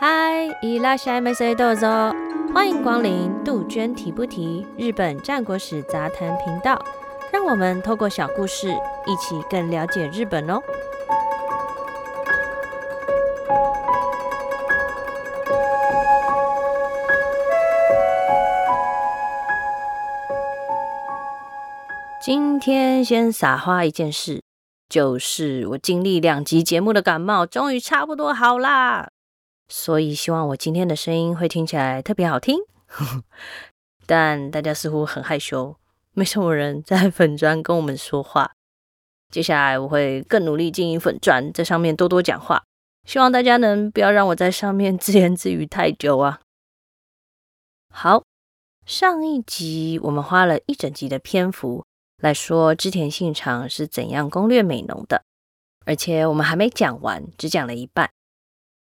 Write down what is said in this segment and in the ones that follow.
嗨，Hi, いらっしゃいませ。どうぞ，歡迎光臨杜鵑提不提日本戰國史雜談頻道。讓我們透過小故事，一起更了解日本哦。今天先撒花一件事，就是我經歷兩集節目的感冒，終於差不多好啦。所以希望我今天的聲音會聽起來特別好聽。 但大家似乎很害羞，沒什麼人在粉專跟我們說話。接下來我會更努力經營粉專，在上面多多講話。希望大家能不要讓我在上面自言自語太久啊。好，上一集我們花了一整集的篇幅，來說，織田信長是怎樣攻略美濃的？而且我們還沒講完，只講了一半。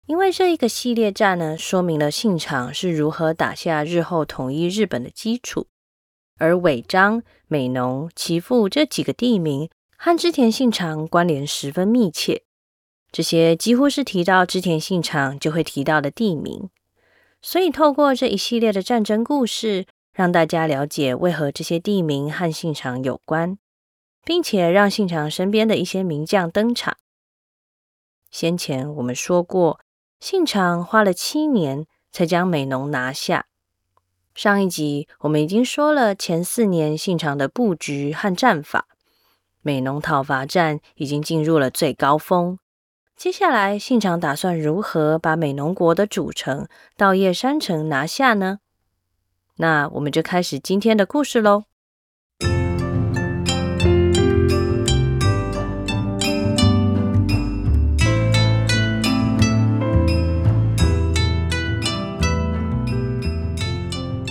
因為這一個系列戰呢，說明了信長是如何打下日後統一日本的基礎。而尾張、美濃、岐阜這幾個地名，和織田信長關聯十分密切。這些幾乎是提到織田信長就會提到的地名。所以透過這一系列的戰爭故事，讓大家了解為何這些地名和信長有關，並且讓信長身邊的一些名將登場。先前我們說過，信長花了七年才將美濃拿下。上一集我們已經說了前四年信長的布局和戰法，美濃討伐戰已經進入了最高峰。接下來，信長打算如何把美濃國的主城稻葉山城拿下呢？那我們就開始今天的故事嘍。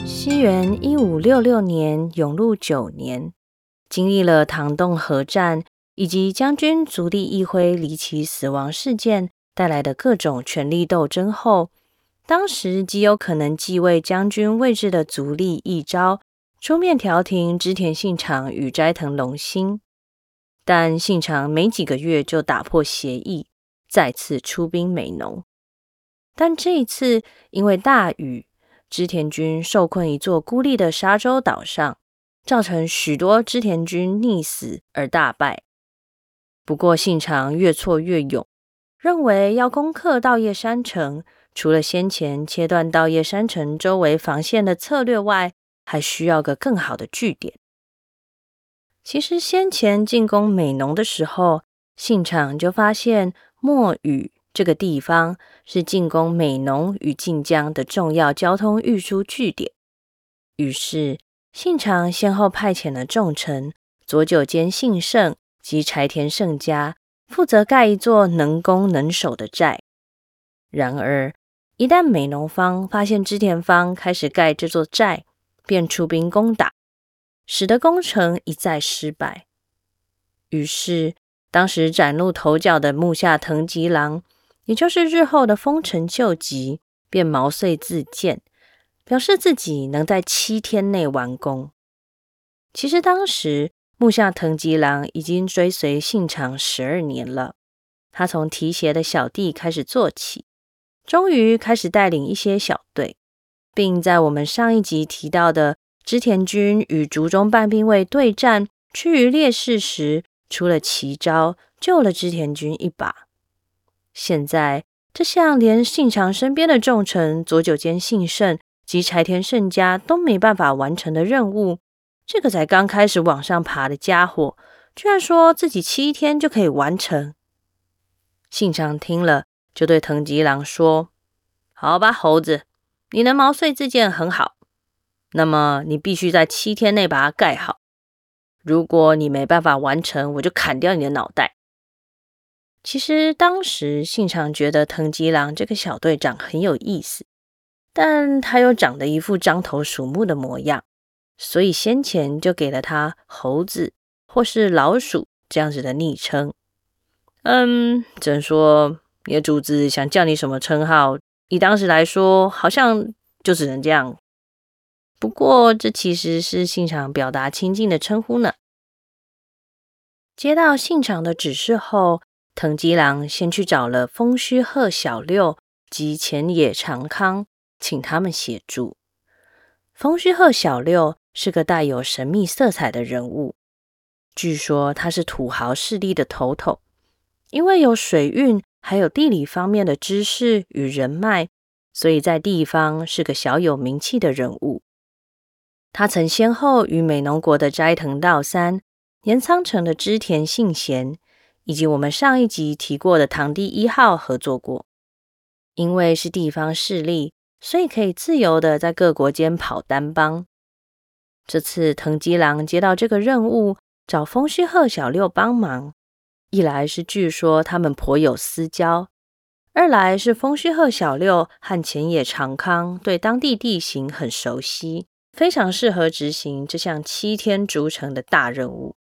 西元一五六六年，永祿九年，經歷了唐洞合戰以及將軍足利義輝離奇死亡事件帶來的各種權力鬥爭後。當時極有可能繼位將軍位置的足利義昭出面調停織田信長與齋藤龍興，但信長沒幾個月就打破協議，再次出兵美濃。但這一次因為大雨，織田軍受困一座孤立的沙洲島上，造成許多織田軍溺死而大敗。不過信長越挫越勇，認為要攻克稻葉山城，除了先前切斷稻葉山城周圍防線的策略外，還需要個更好的據點。其實先前進攻美濃的時候，信長就發現墨俁這個地方是進攻美濃與近江的重要交通運輸據點。於是，信長先後派遣了重臣佐久間信盛及柴田勝家負責蓋一座能攻能守的寨。然而，一旦美濃方發現織田方開始蓋這座寨，便出兵攻打，使得工程一再失敗。於是，當時嶄露頭角的木下藤吉郎，也就是日後的豐臣秀吉，便毛遂自薦，表示自己能在七天內完工。其實，當時木下藤吉郎已經追隨信長十二年了，他從提鞋的小弟開始做起。終於開始帶領一些小隊，並在我們上一集提到的織田軍與竹中半兵衛對戰趨於劣勢時，出了奇招，救了織田軍一把。現在這項連信長身邊的重臣佐久間信勝及柴田勝家都沒辦法完成的任務，這個才剛開始往上爬的家伙，居然說自己七天就可以完成。信長聽了。就對藤吉郎說：“好吧，猴子，你的毛遂自薦很好，那麼你必須在七天內把它蓋好。如果你沒辦法完成，我就砍掉你的腦袋。”其實當時信長覺得藤吉郎這個小隊長很有意思，但他又長得一副獐頭鼠目的模樣，所以先前就給了他猴子或是老鼠這樣子的昵稱。嗯，只能說。你的主子想叫你什麼稱號？以當時來說，好像就只能這樣。不過，這其實是信長表達親近的稱呼呢。接到信長的指示後，藤吉郎先去找了蜂須賀小六及前野長康，請他們協助。蜂須賀小六是個帶有神秘色彩的人物，據說他是土豪勢力的頭頭，因為有水運，還有地理方面的知識與人脈，所以在地方是個小有名氣的人物。他曾先後與美濃國的齋藤道三、岩倉城的織田信賢，以及我們上一集提過的堂弟一號合作過。因為是地方勢力，所以可以自由的在各國間跑單幫。這次藤吉郎接到這個任務，找蜂須賀小六幫忙。一來是據說他們頗有私交，二來是蜂須賀小六和前野長康對當地地形很熟悉，非常適合執行這項七天築城的大任務。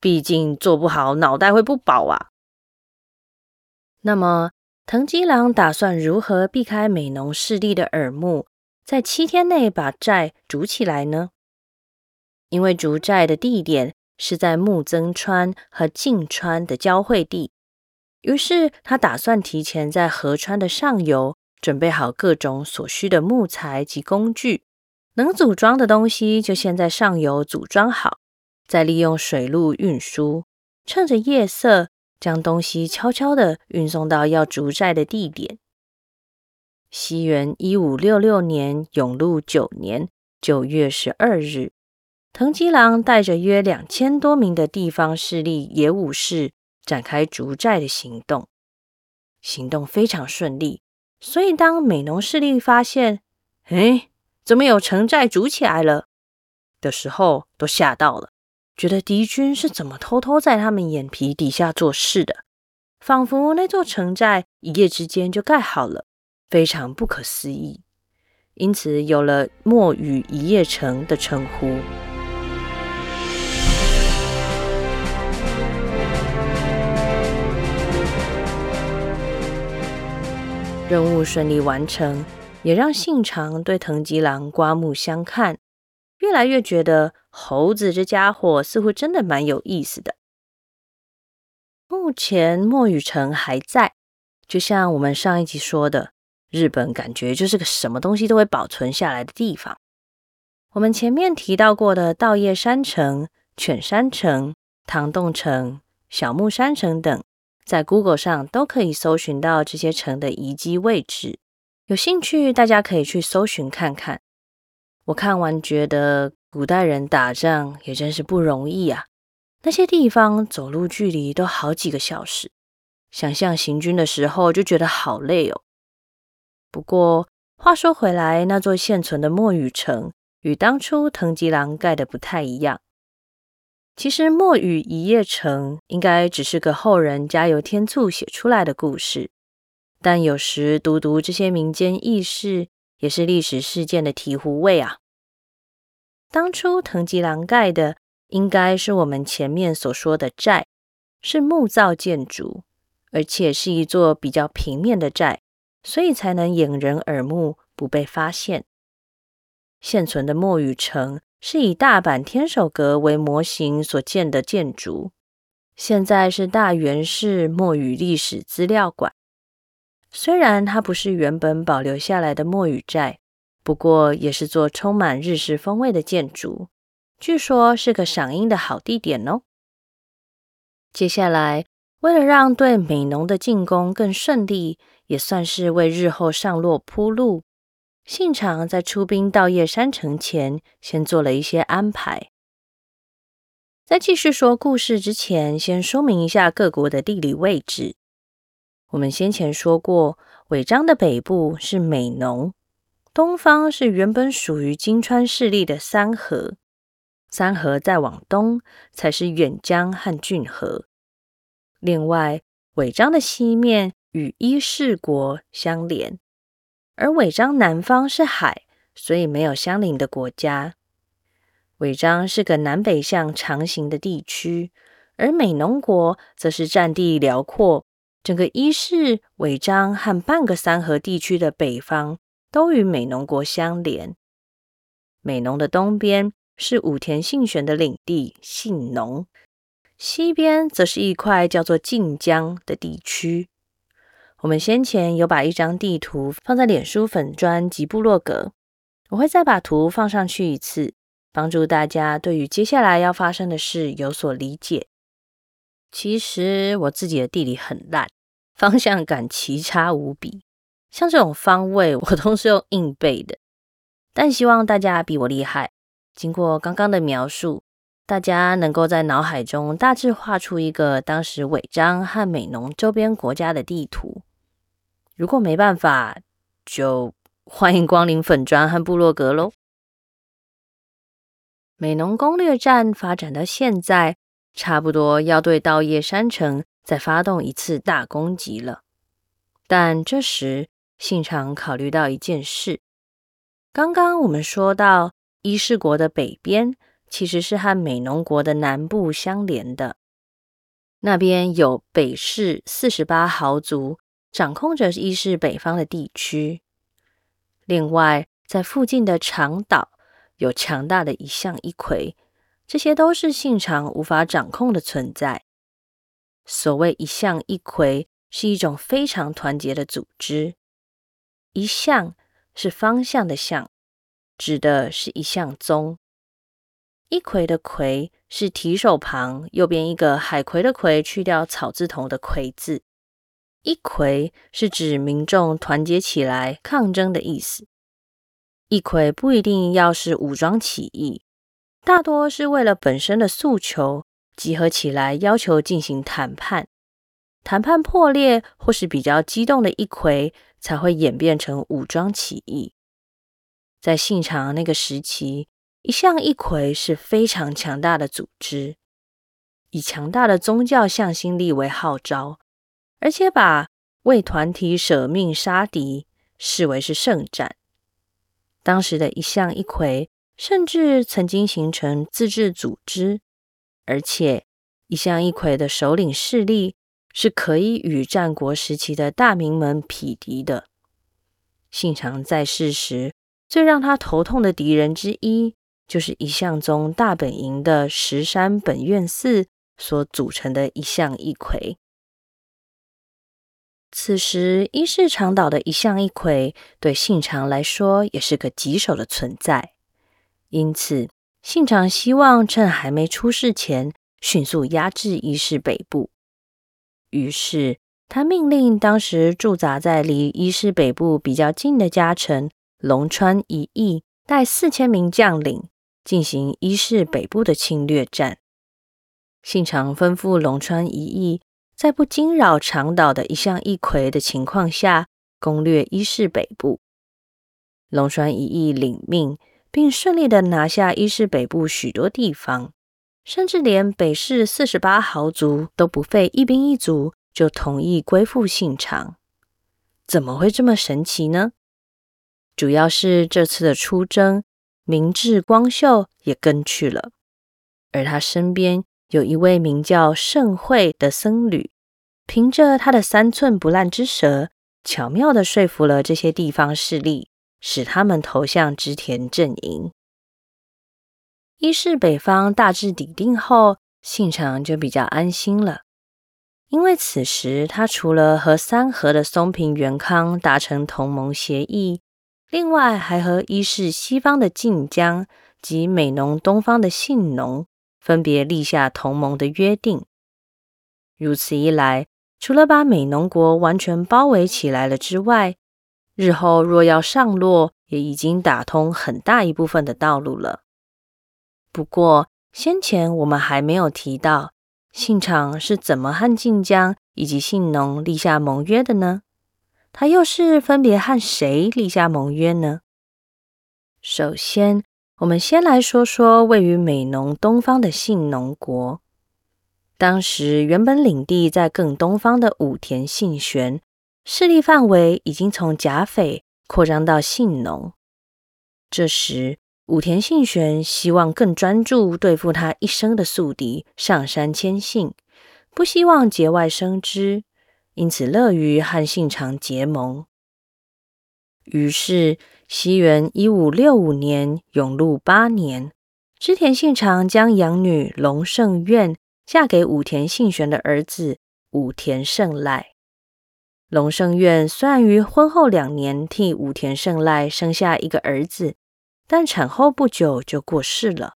畢竟做不好，腦袋會不保啊。那麼，藤吉郎打算如何避開美濃勢力的耳目，在七天內把寨築起來呢？因為築寨的地點。是在木曾川和靜川的交匯地，於是他打算提前在河川的上游準備好各種所需的木材及工具，能組裝的東西就先在上游組裝好，再利用水路運輸，趁着夜色將東西悄悄地運送到要築寨的地點。西元一五六六年永祿九年九月十二日。藤吉郎帶着約兩千多名的地方勢力野武士展開築寨的行動，行動非常順利。所以當美濃勢力發現“哎、欸，怎麼有城寨築起來了”的時候，都嚇到了，覺得敵軍是怎麼偷偷在他們眼皮底下做事的？仿佛那座城寨一夜之間就蓋好了，非常不可思議。因此有了“墨俁一夜城，的城”的稱呼。任務順利完成，也讓信長對藤吉郎刮目相看，越來越覺得猴子這家伙似乎真的蠻有意思的。目前墨俁城還在，就像我們上一集說的，日本感覺就是個什麼東西都會保存下來的地方。我們前面提到過的稻葉山城、犬山城、堂洞城、小牧山城等。在 Google 上都可以搜尋到這些城的遺跡位置，有興趣大家可以去搜尋看看。我看完覺得，古代人打仗也真是不容易啊！那些地方走路距離都好幾個小時，想象行軍的時候就覺得好累哦。不過話說回來，那座現存的墨俁城與當初藤吉郎蓋的不太一樣。其實，墨俁一夜城應該只是個後人加油添醋寫出來的故事，但有時讀讀這些民間軼事，也是歷史事件的醍醐味啊。當初藤吉郎蓋的應該是我們前面所說的寨，是木造建築，而且是一座比較平面的寨，所以才能掩人耳目，不被發現。現存的墨俁城，是以大阪天守閣為模型所建的建築，現在是大垣市墨俁歷史資料館。雖然它不是原本保留下來的墨俁寨，不過也是座充滿日式風味的建築。據說是個賞櫻的好地點哦。接下來，為了讓對美濃的進攻更順利，也算是為日後上洛鋪路。信長在出兵稻葉山城前，先做了一些安排。在繼續說故事之前，先說明一下各國的地理位置。我們先前說過，尾張的北部是美濃，東方是原本屬於今川勢力的三河。三河再往東才是遠江和駿河。另外，尾張的西面與伊勢國相連。而尾張南方是海，所以沒有相鄰的國家。尾張是個南北向長形的地區，而美濃國則是占地遼闊。整個伊勢、尾張和半個三河地區的北方都與美濃國相連。美濃的東邊是武田信玄的領地信濃，西邊則是一塊叫做近江的地區。我們先前有把一張地圖放在臉書粉專及部落格，我會再把圖放上去一次，幫助大家對於接下來要發生的事有所理解。其實我自己的地理很爛，方向感奇差無比，像這種方位我都是用硬背的。但希望大家比我厲害。經過剛剛的描述，大家能夠在腦海中大致畫出一個當時尾張和美濃周邊國家的地圖。如果沒辦法，就歡迎光臨粉專和部落格嘍。美濃攻略戰發展到現在，差不多要對稻葉山城再發動一次大攻擊了。但這時，信長考慮到一件事：剛剛我們說到伊勢國的北邊，其實是和美濃國的南部相連的，那邊有北勢四十八豪族。掌控着伊勢北方的地區，另外在附近的長島有強大的一向一揆，這些都是信長無法掌控的存在。所謂一向一揆，是一種非常團結的組織。一向是方向的向，指的是一向宗。一揆的揆是提手旁，右邊一個海葵的葵，去掉草字頭的揆字。一揆是指民眾團結起來抗爭的意思。一揆不一定要是武裝起義，大多是為了本身的訴求集合起來，要求進行談判。談判破裂或是比較激動的一揆，才會演變成武裝起義。在信長那個時期，一向一揆是非常強大的組織，以強大的宗教向心力為號召。而且把為團體舍命殺敵視為是聖戰。當時的一向一揆甚至曾經形成自治組織，而且一向一揆的首領勢力是可以與戰國時期的大名們匹敵的。信長在世時，最讓他頭痛的敵人之一，就是一向宗大本營的石山本願寺所組成的一向一揆。此時，伊勢長島的一向一揆對信長來說也是個棘手的存在，因此，信長希望趁還沒出事前，迅速壓制伊勢北部。於是，他命令當時駐紮在離伊勢北部比較近的家臣瀧川一益帶四千名將領進行伊勢北部的侵略戰。信長吩咐瀧川一益。在不驚擾長島的一向一揆的情況下，攻略伊勢北部。瀧川一益領命，並順利的拿下伊勢北部許多地方，甚至連北勢四十八豪族都不費一兵一卒就同意歸附信長。怎麼會這麼神奇呢？主要是這次的出征，明智光秀也跟去了，而他身邊。有一位名叫盛惠的僧侶，憑着他的三寸不爛之舌，巧妙地說服了這些地方勢力，使他們投向織田陣營。伊勢北方大致底定後，信長就比較安心了，因為此時他除了和三河的松平元康達成同盟協議，另外還和伊勢西方的近江及美濃東方的信濃。分別立下同盟的約定，如此一來，除了把美濃國完全包圍起來了之外，日後若要上洛，也已經打通很大一部分的道路了。不過，先前我們還沒有提到信長是怎麼和近江以及信濃立下盟約的呢？他又是分別和誰立下盟約呢？首先，我們先來說說位於美濃東方的信濃國。當時原本領地在更東方的武田信玄，勢力範圍已經從甲斐擴張到信濃。這時武田信玄希望更專注對付他一生的宿敵上杉謙信，不希望節外生枝，因此樂於和信長結盟。於是，西元一五六五年，永祿八年，織田信長將養女龍盛院嫁給武田信玄的兒子武田勝賴。龍盛院雖然於婚後兩年替武田勝賴生下一個兒子，但產後不久就過世了。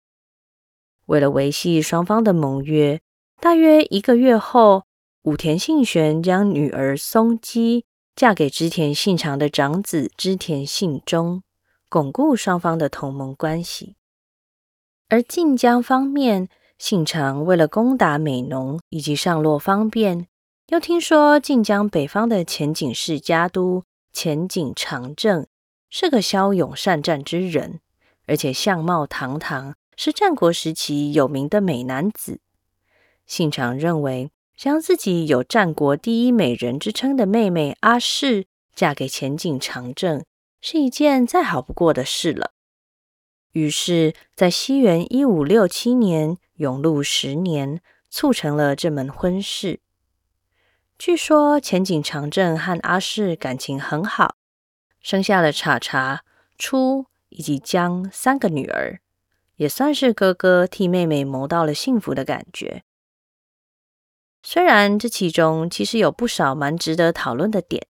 為了維繫雙方的盟約，大約一個月後，武田信玄將女兒松姬。嫁給織田信長的長子織田信忠，鞏固雙方的同盟關係。而近江方面，信長為了攻打美濃以及上洛方便，又聽說近江北方的淺井氏家督淺井長政是個驍勇善戰之人，而且相貌堂堂，是戰國時期有名的美男子。信長認為。將自己有戰國第一美人之稱的妹妹阿市嫁給淺井長政，是一件再好不過的事了。於是，在西元一五六七年永祿十年，促成了這門婚事。據說淺井長政和阿市感情很好，生下了茶茶、初以及江三個女兒，也算是哥哥替妹妹謀到了幸福的感覺。雖然這其中其實有不少蠻值得討論的點，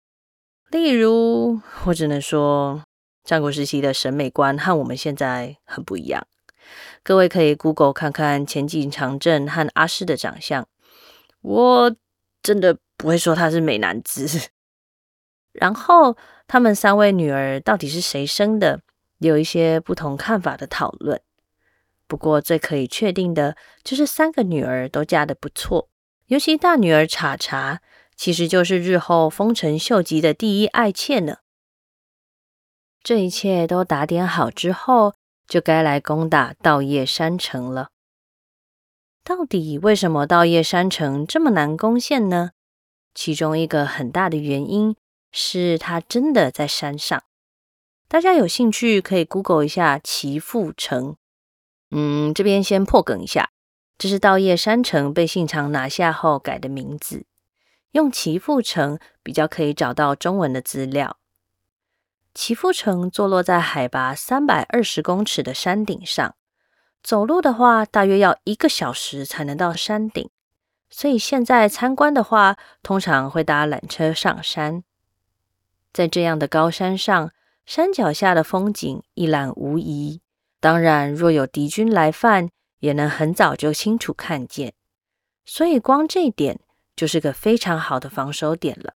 例如我只能說，戰國時期的審美觀和我們現在很不一樣。各位可以 Google 看看淺井長政和阿市的長相，我真的不會說他是美男子。然後他們三位女兒到底是誰生的，有一些不同看法的討論。不過最可以確定的就是三個女兒都嫁得不錯。尤其大女兒茶茶，其實就是日後豐臣秀吉的第一愛妾呢。這一切都打點好之後，就該來攻打稻葉山城了。到底為什麼稻葉山城這麼難攻陷呢？其中一個很大的原因是它真的在山上。大家有興趣可以 Google 一下岐阜城。嗯，這邊先破梗一下。這是稻葉山城被信長拿下後改的名字，用岐阜城比較可以找到中文的資料。岐阜城坐落在海拔三百二十公尺的山頂上，走路的話大約要一個小時才能到山頂，所以現在參觀的話通常會搭纜車上山。在這樣的高山上，山腳下的風景一覽無遺。當然，若有敵軍來犯，也能很早就清楚看見，所以光這點就是個非常好的防守點了。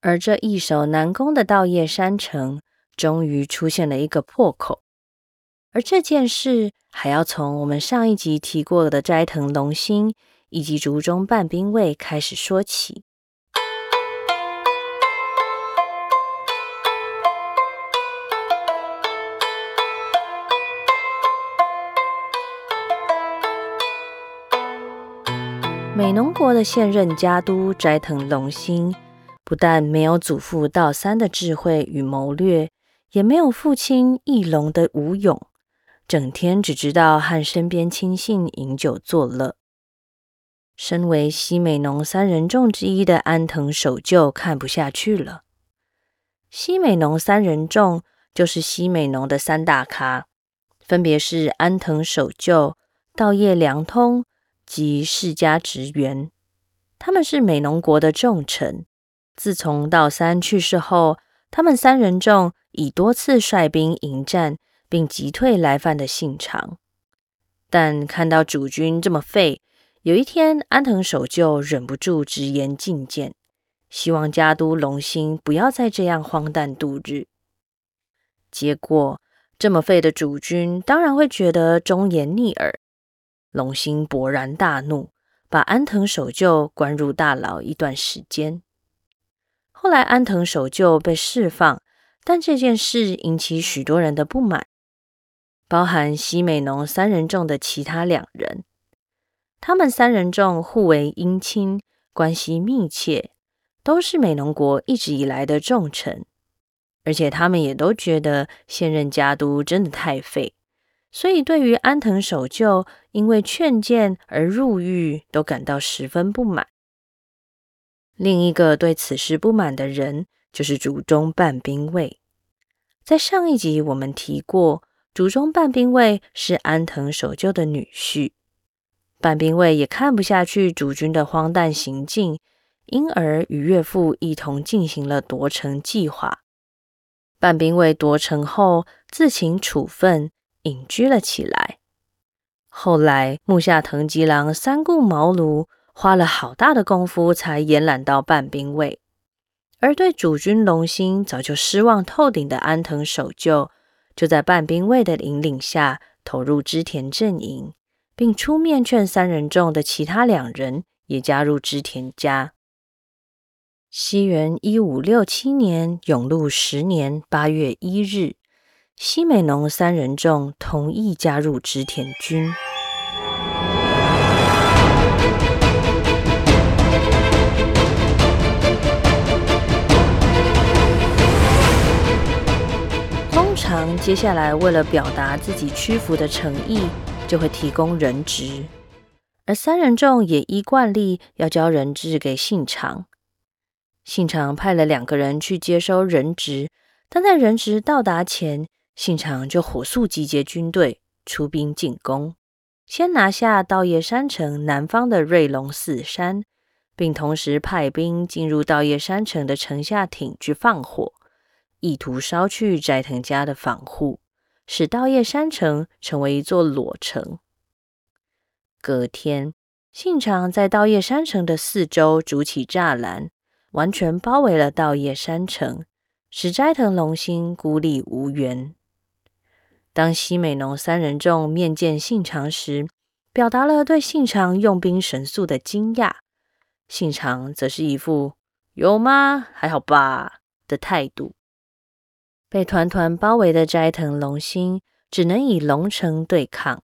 而這易守難攻的稻葉山城，終於出現了一個破口。而這件事還要從我們上一集提過的齋藤龍興以及竹中半兵衛開始說起。美濃國的現任家督齋藤龍興，不但沒有祖父道三的智慧與謀略，也沒有父親義龍的武勇，整天只知道和身邊親信飲酒作樂。身為西美濃三人眾之一的安藤守就看不下去了。西美濃三人眾就是西美濃的三大咖，分別是安藤守就、稻葉良通及世家職員，他們是美濃國的重臣。自從道三去世後，他們三人眾已多次率兵迎戰，並擊退來犯的信長。但看到主君這麼廢，有一天安藤守就忍不住直言進諫，希望家督龍興不要再這樣荒誕度日。結果，這麼廢的主君當然會覺得忠言逆耳。龍興勃然大怒，把安藤守就關入大牢一段時間。後來安藤守就被釋放，但這件事引起許多人的不滿，包含西美濃三人眾的其他兩人。他們三人眾互為姻親，關係密切，都是美濃國一直以來的重臣，而且他們也都覺得現任家督真的太廢。所以，對於安藤守舊因為勸諫而入獄，都感到十分不滿。另一個對此事不滿的人，就是竹中半兵衛。在上一集我們提過，竹中半兵衛是安藤守舊的女婿。半兵衛也看不下去主君的荒誕行徑，因而與岳父一同進行了奪城計劃。半兵衛奪城後，自請處分。隱居了起來。後來，木下藤吉郎三顧茅廬，花了好大的功夫，才延攬到半兵衛。而對主君龍興早就失望透頂的安藤守就，就在半兵衛的引領下，投入織田陣營，並出面勸三人眾的其他兩人也加入織田家。西元一五六七年永祿十年八月一日。西美農三人眾同意加入織田軍。通常， 接下來為了表達自己屈服的誠意，就會提供人質，而三人眾也依慣例要交人質給信長。信長派了兩個人去接收人質，但在人質到達前，信長就火速集結軍隊，出兵進攻，先拿下稻葉山城南方的瑞龍寺山，並同時派兵進入稻葉山城的城下町去放火，意圖燒去齋藤家的防護，使稻葉山城成為一座裸城。隔天，信長在稻葉山城的四周築起柵欄，完全包圍了稻葉山城，使齋藤龍興孤立無援。當西美濃三人眾面見信長時，表達了對信長用兵神速的驚訝。信長則是一副“有嗎？還好吧”的態度。被團團包圍的齋藤龍興只能以籠城對抗，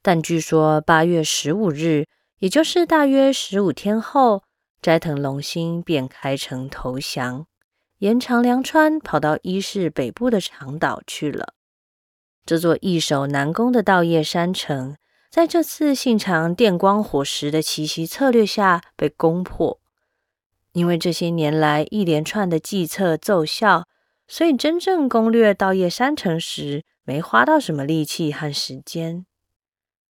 但據說八月十五日，也就是大約十五天後，齋藤龍興便開城投降，沿長良川跑到伊勢北部的長島去了。這座易守難攻的稻葉山城，在這次信長電光火石的奇襲策略下被攻破。因為這些年來一連串的計策奏效，所以真正攻略稻葉山城時沒花到什麼力氣和時間。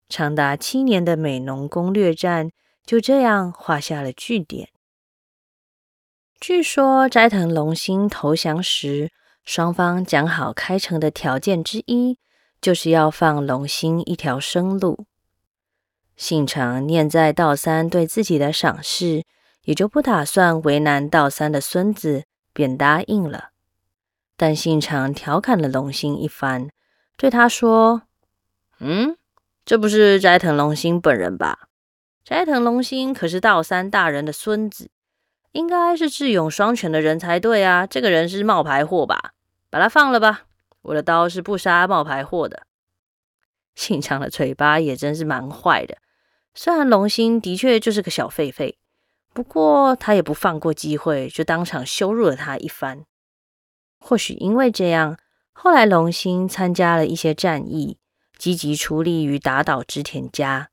長達七年的美濃攻略戰就這樣畫下了句點。據說齋藤龍興投降時，雙方講好開城的條件之一。就是要放龍興一條生路。信長念在道三對自己的賞識，也就不打算為難道三的孫子，便答應了。但信長調侃了龍興一番，對他說：“嗯，這不是齋藤龍興本人吧？齋藤龍興可是道三大人的孫子，應該是智勇雙全的人才對啊。這個人是冒牌貨吧？把他放了吧。”我的刀是不殺冒牌貨的。信長的嘴巴也真是蠻壞的。雖然龍興的確就是個小廢廢，不過他也不放過機會，就當場羞辱了他一番。或許因為這樣，後來龍興參加了一些戰役，積極出力於打倒織田家。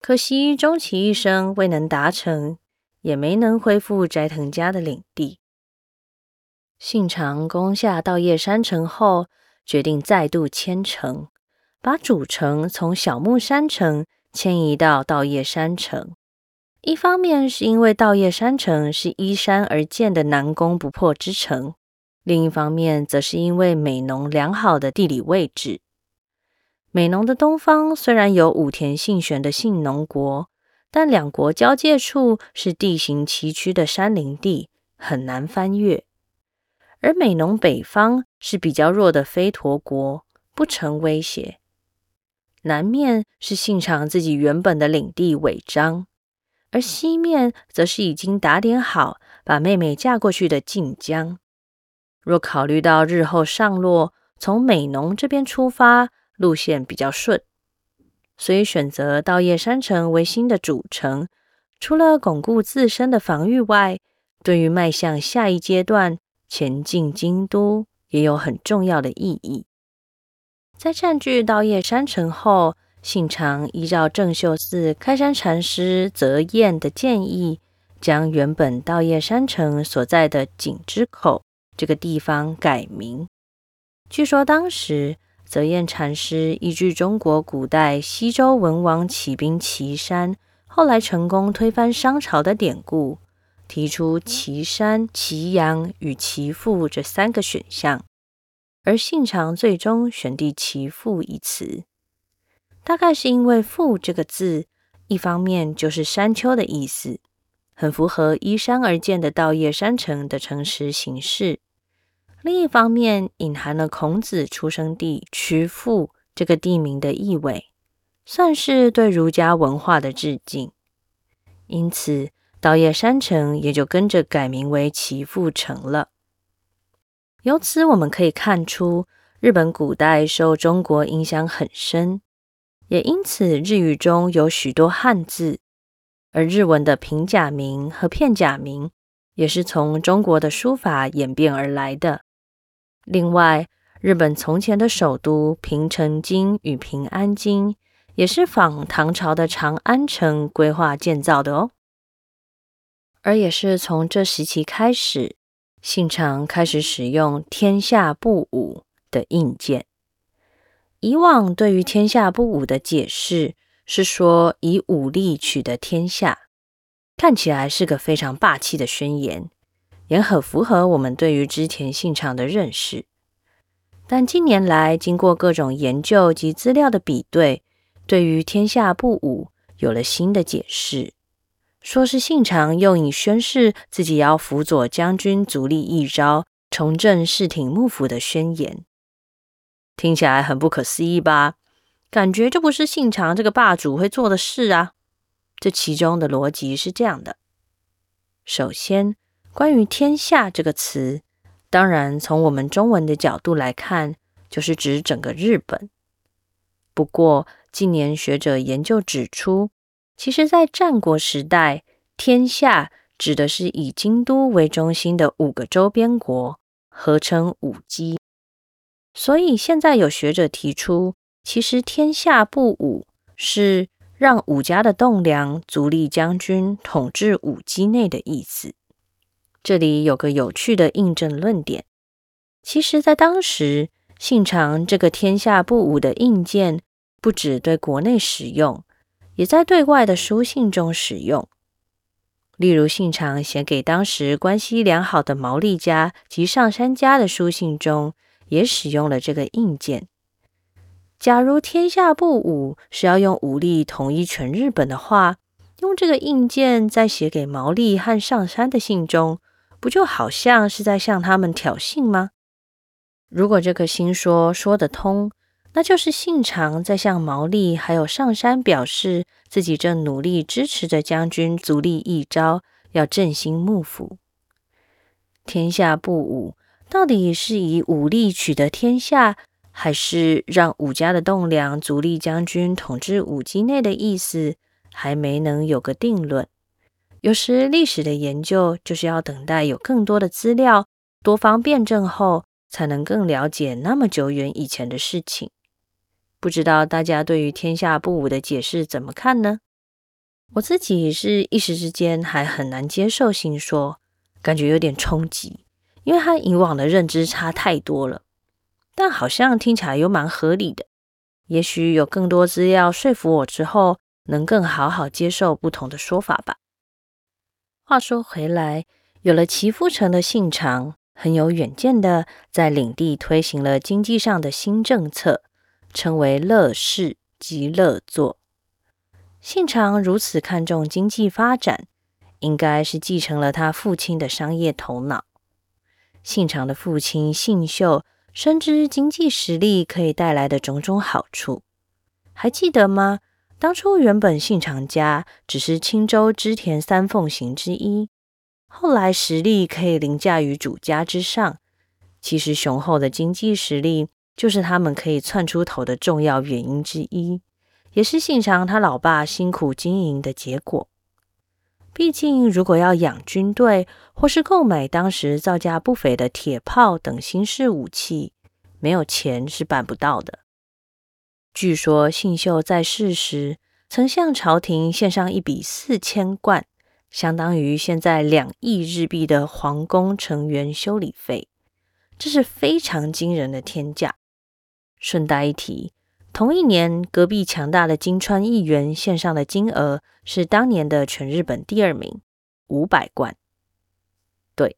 可惜終其一生未能達成，也沒能恢復齋藤家的領地。信長攻下稻葉山城後，決定再度遷城，把主城從小牧山城遷移到稻葉山城。一方面是因為稻葉山城是依山而建的難攻不破之城，另一方面則是因為美濃良好的地理位置。美濃的東方雖然有武田信玄的信濃國，但兩國交界處是地形崎嶇的山林地，很難翻越。而美濃北方。是比較弱的飛驒國，不成威脅，南面是信長自己原本的領地尾張，而西面則是已經打點好把妹妹嫁過去的近江。若考慮到日後上洛，從美濃這邊出發路線比較順，所以選擇稻葉山城為新的主城。除了鞏固自身的防禦外，對於邁向下一階段前進京都，也有很重要的意義。在佔據稻葉山城後，信長依照政秀寺開山禪師澤彥的建議，將原本稻葉山城所在的井之口這個地方改名。據說當時澤彥禪師依據中國古代西周文王起兵岐山，後來成功推翻商朝的典故。提出岐山、岐陽與岐阜這三個選項，而信長最終選定岐阜一詞，大概是因為“阜”這個字，一方面就是山丘的意思，很符合依山而建的稻葉山城的城池形式；另一方面，隱含了孔子出生地曲阜這個地名的意味，算是對儒家文化的致敬。因此，稻葉山城也就跟着改名為岐阜城了。由此我們可以看出，日本古代受中國影響很深，也因此日語中有許多漢字，而日文的平假名和片假名也是從中國的書法演變而來的。另外，日本從前的首都平城京與平安京也是仿唐朝的長安城規劃建造的哦。而也是從這時期開始，信長開始使用“天下布武”的印鑑。以往對於“天下布武”的解釋是說以武力取得天下，看起來是個非常霸氣的宣言，也很符合我們對於織田信長的認識。但近年來，經過各種研究及資料的比對，對於“天下布武”有了新的解釋。說是信長用以宣誓自己要輔佐將軍足利義昭，重振室町幕府的宣言，聽起來很不可思議吧？感覺這不是信長這個霸主會做的事啊！這其中的邏輯是這樣的：首先，關於“天下”這個詞，當然從我們中文的角度來看，就是指整個日本。不過，近年學者研究指出，其實，在戰國時代，天下指的是以京都為中心的五個周邊國合稱五畿，所以現在有學者提出，其實“天下布武”是讓武家的棟梁足利將軍統治五畿內的意思。這裡有個有趣的印證論點：其實，在當時，信長這個“天下布武”的印鑑，不止對國內使用。也在對外的書信中使用，例如信長寫給當時關係良好的毛利家及上杉家的書信中，也使用了這個印鑑。假如天下布武是要用武力統一全日本的話，用這個印鑑在寫給毛利和上杉的信中，不就好像是在向他們挑釁嗎？如果這個新說說得通。那就是信長在向毛利還有上杉表示，自己正努力支持着將軍足利義昭，要振興幕府。天下布武，到底是以武力取得天下，還是讓武家的棟梁足利將軍統治武吉內的意思，還沒能有個定論。有時歷史的研究就是要等待有更多的資料，多方辯證後，才能更了解那麼久遠以前的事情。不知道大家對於天下布武的解釋怎麼看呢？我自己是一時之間還很難接受新說，感覺有點衝擊，因為和以往的認知差太多了。但好像聽起來又蠻合理的，也許有更多資料說服我之後，能更好好接受不同的說法吧。話說回來，有了岐阜城的信長，很有遠見的，在領地推行了經濟上的新政策。稱為樂市及樂座。信長如此看重經濟發展，應該是繼承了他父親的商業頭腦。信長的父親信秀深知經濟實力可以帶來的種種好處，還記得嗎？當初原本信長家只是青州織田三奉行之一，後來實力可以凌駕於主家之上。其實雄厚的經濟實力，就是他們可以竄出頭的重要原因之一，也是信長他老爸辛苦經營的結果。畢竟，如果要養軍隊，或是購買當時造價不菲的鐵炮等新式武器，沒有錢是辦不到的。據說信秀在世時曾向朝廷獻上一筆四千貫，相當於現在兩億日幣的皇宮成員修理費，這是非常驚人的天價。順帶一提，同一年，隔壁強大的今川義元獻上的金額是當年的全日本第二名，五百貫。對，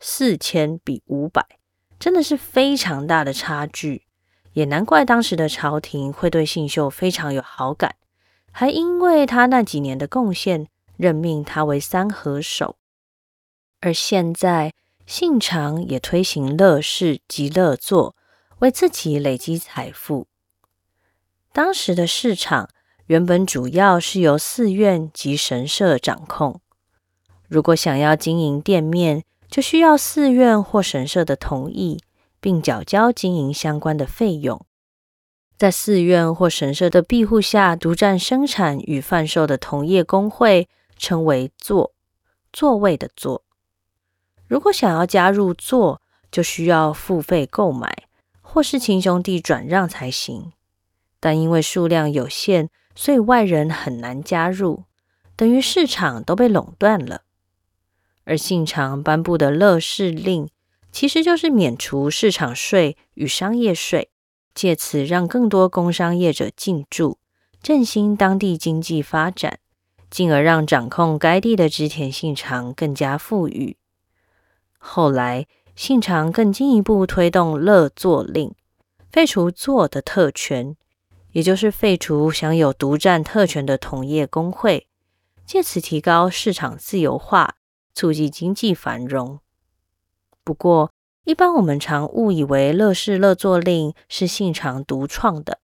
四千比五百，真的是非常大的差距。也難怪當時的朝廷會對信秀非常有好感，還因為他那幾年的貢獻，任命他為三河守。而現在，信長也推行樂市及樂座。為自己累積財富。當時的市場原本主要是由寺院及神社掌控，如果想要經營店面，就需要寺院或神社的同意，並繳交經營相關的費用。在寺院或神社的庇護下，獨占生產與販售的同業公會稱為“座”，座位的“座”。如果想要加入座，就需要付費購買。或是親兄弟轉讓才行，但因為數量有限，所以外人很難加入，等於市場都被壟斷了。而信長頒布的樂市令，其實就是免除市場稅與商業稅，借此讓更多工商業者進駐，振興當地經濟發展，進而讓掌控該地的織田信長更加富裕。後來。信長更進一步推動樂座令，廢除座的特權，也就是廢除享有獨占特權的同業公會，借此提高市場自由化，促進經濟繁榮。不過，一般我們常誤以為樂市樂座令是信長獨創的，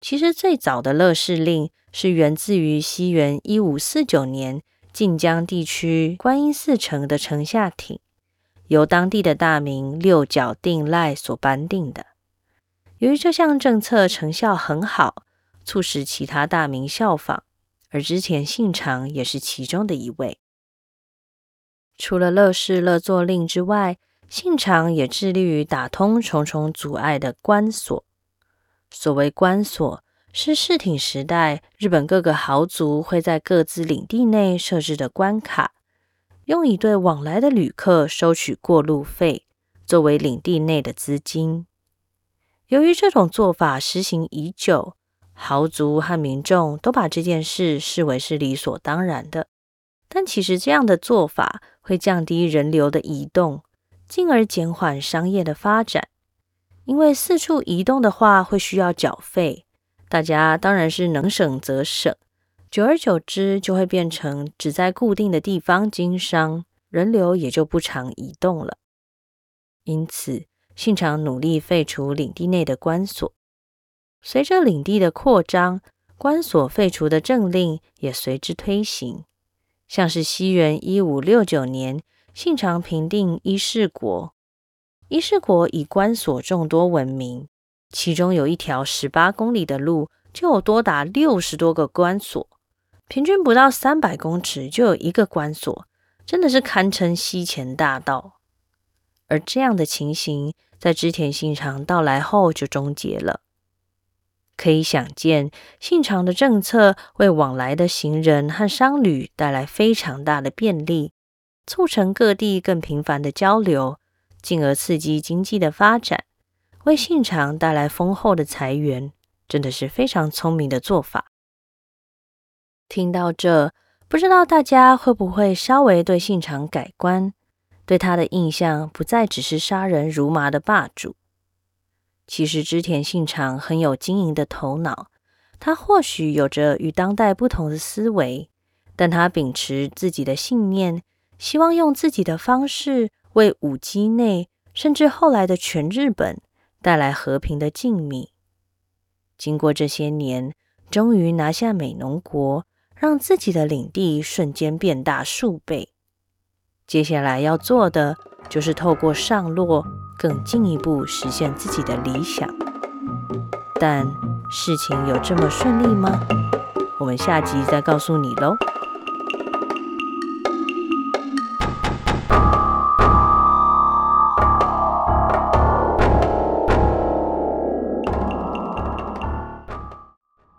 其實最早的樂市令是源自於西元1549年近江地區觀音寺城的城下町。由當地的大名六角定賴所頒定的。由於這項政策成效很好，促使其他大名效仿，而之前信長也是其中的一位。除了樂市樂座令之外，信長也致力於打通重重阻礙的關所。所謂關所，是室町時代日本各個豪族會在各自領地內設置的關卡。用以對往來的旅客收取過路費，作為領地內的資金。由於這種做法實行已久，豪族和民眾都把這件事視為是理所當然的。但其實這樣的做法會降低人流的移動，進而減緩商業的發展。因為四處移動的話會需要繳費，大家當然是能省則省。久而久之，就會變成只在固定的地方經商，人流也就不常移動了。因此，信長努力廢除領地內的關所。隨着領地的擴張，關所廢除的政令也隨之推行。像是西元一五六九年，信長平定伊勢國，伊勢國以關所眾多聞名，其中有一條十八公里的路，就有多達六十多個關所。平均不到三百公尺就有一個關所，真的是堪稱西前大道。而這樣的情形在織田信長到來後就終結了。可以想見，信長的政策為往來的行人和商旅帶來非常大的便利，促成各地更頻繁的交流，進而刺激經濟的發展，為信長帶來豐厚的財源，真的是非常聰明的做法。聽到這，不知道大家會不會稍微對信長改觀，對他的印象不再只是殺人如麻的霸主。其實織田信長很有經營的頭腦，他或許有着與當代不同的思維，但他秉持自己的信念，希望用自己的方式為五畿內，甚至後來的全日本帶來和平的靜謐。經過這些年，終於拿下美濃國。讓自己的領地瞬間變大數倍，接下來要做的就是透過上洛，更進一步實現自己的理想。但事情有這麼順利嗎？我們下集再告訴你嘍。